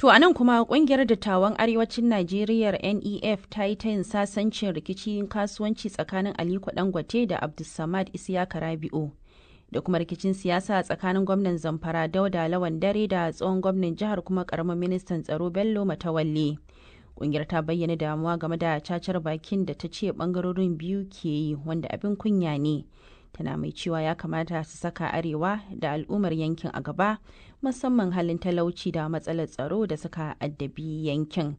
To a nan kuma kungiyar dattawan arewacin Najeriya NEF ta yi tayin sasancin rikicin kasuwanci tsakanin Aliko Dangote da Abdulsamad Isiyaka Rabi'u da kuma rikicin siyasa tsakanin gwamnan Zamfara Dauda Lawan Dare da tsohon gwamnan jihar kuma karamin ministan tsaro Bello Matawalle. Kungiyar ta bayyana damuwa game da cacar bakin da ta ce bangarorin biyu ke yi wanda abin kunya ne. tana mai cewa ya kamata su saka arewa da al'ummar yankin a gaba musamman halin talauci da matsalar tsaro da suka addabi yankin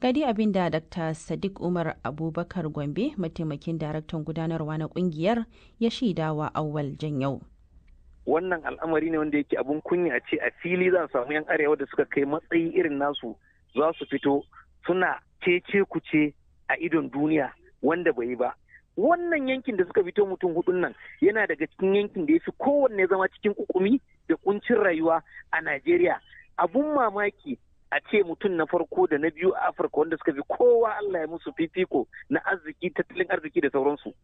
gadi abin da dr sadiq umar abubakar gombe mataimakin daraktan gudanarwa na kungiyar ya shaidawa awwal yau. wannan al'amari ne wanda yake abun kunya ce a fili za a samu yan arewa da suka kai matsayi irin nasu za su fito suna cece kuce a idon duniya wanda bai yi ba wannan yankin da suka fito mutum hudun nan yana daga cikin yankin da ya fi kowanne zama cikin kukumi da kuncin rayuwa a Najeriya. Abun mamaki a ce mutum na farko da na biyu a Afirka wanda suka fi kowa Allah ya musu fifiko na arziki tattalin arziki da sauransu.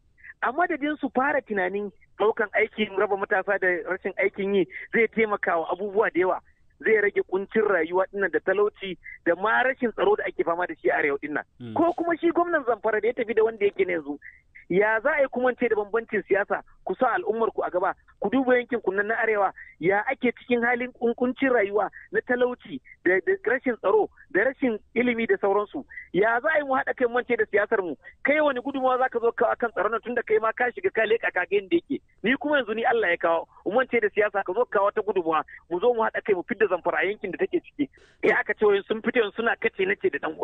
A madadin su fara tunanin ɗaukan aikin raba matasa da rashin aikin yi zai taimaka wa abubuwa da yawa. zai rage kuncin rayuwa dinnan da talauci da ma rashin tsaro da ake fama da shi a arewa dinnan hmm. ko kuma shi gwamnan zamfara da ya tafi da wanda yake na yanzu ya za a yi kuma ce da bambancin siyasa ku sa al'ummar ku a gaba ku duba yankin ku na arewa ya ake cikin halin kunkuncin rayuwa na talauci da rashin tsaro da rashin ilimi da sauransu ya za a yi mu haɗa kai mance da siyasar mu kai wani gudunmawa za ka zo kawo kan tsaron tun da kai ma ka shiga ka leƙa ka da yake ni kuma yanzu ni Allah ya kawo mance da siyasa ka zo kawo ta gudunmawa mu zo mu haɗa kai mu fidda zamfara a yankin da take ciki Ya aka ce sun fito suna kace nace da dan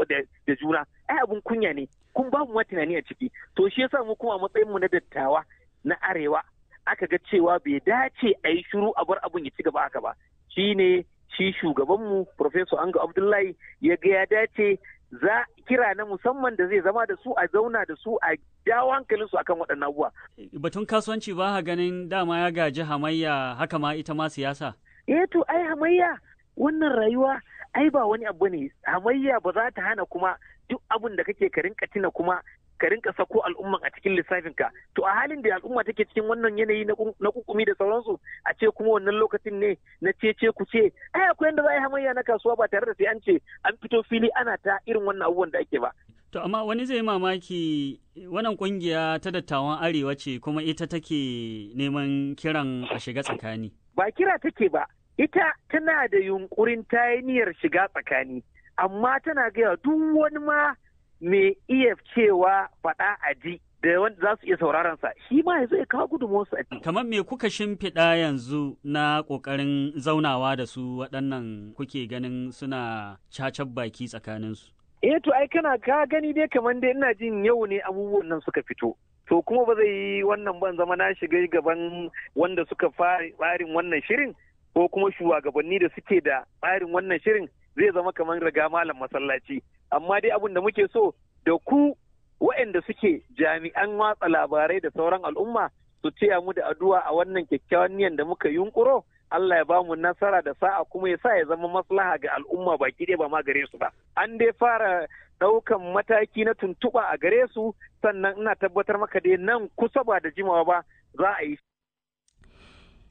da juna ai abun kunya ne kun babu ma tunani a ciki to shi yasa mu kuma matsayin mu na dattawa na arewa aka ga cewa bai dace a yi shiru a bar abun ya ci gaba haka ba shine shi shugabanmu Professor Anga Abdullahi ya ga ya dace za kira na musamman da zai zama da su a zauna da su a jawo hankalin su akan waɗannan abubuwa. Batun kasuwanci ba ha ganin dama ya gaji hamayya haka ma ita ma siyasa. Eh to ai hamayya wannan rayuwa ai ba wani abu ne hamayya ba za ta hana kuma duk abin da kake ka rinka tina kuma ka rinka sako al'umma a cikin ka to a halin da al'umma take cikin wannan yanayi na kukumi da sauransu a ce kuma wannan lokacin ne na cece ku ce ai akwai yanda za a yi hamayya na kasuwa ba tare da sai an ce an fito fili ana ta irin wannan abubuwan da ake ba to amma wani zai mamaki wannan kungiya ta dattawan arewa ce kuma ita take neman kiran a shiga tsakani ba kira take ba ita tana da yunkurin ta shiga tsakani amma tana gaya duk wani ma me iya cewa faɗa a ji da wanda za su iya sauraron sa shi ma yanzu ya kawo gudunmuwarsu a kamar me kuka shimfiɗa yanzu na ƙoƙarin zaunawa da su waɗannan kuke ganin suna cacar baki tsakaninsu eh to ai kana ka gani dai kamar dai ina jin yau ne abubuwan nan suka fito to kuma ba zai yi wannan ban zama na shiga gaban wanda suka fara tsarin wannan shirin ko kuma shugabanni da suke da tsarin wannan shirin zai zama kamar riga malam masallaci amma dai abin da muke so da ku waɗanda suke jami'an watsa labarai da sauran al'umma su taya mu da addu'a a wannan kyakkyawan niyan da muka yunkuro Allah ya ba mu nasara da sa'a kuma ya sa ya zama maslaha ga al'umma baki ɗaya ba ma gare su ba. An dai fara ɗaukan mataki na tuntuɓa a gare su sannan ina tabbatar maka dai nan kusa ba da jimawa ba za a yi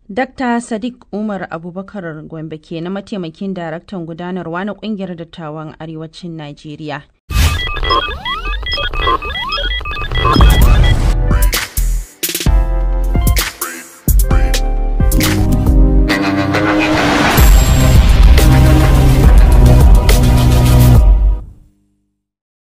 Dr Sadiq Umar Abubakar Gombe ke na mataimakin daraktan gudanarwa na kungiyar dattawan Arewacin Najeriya.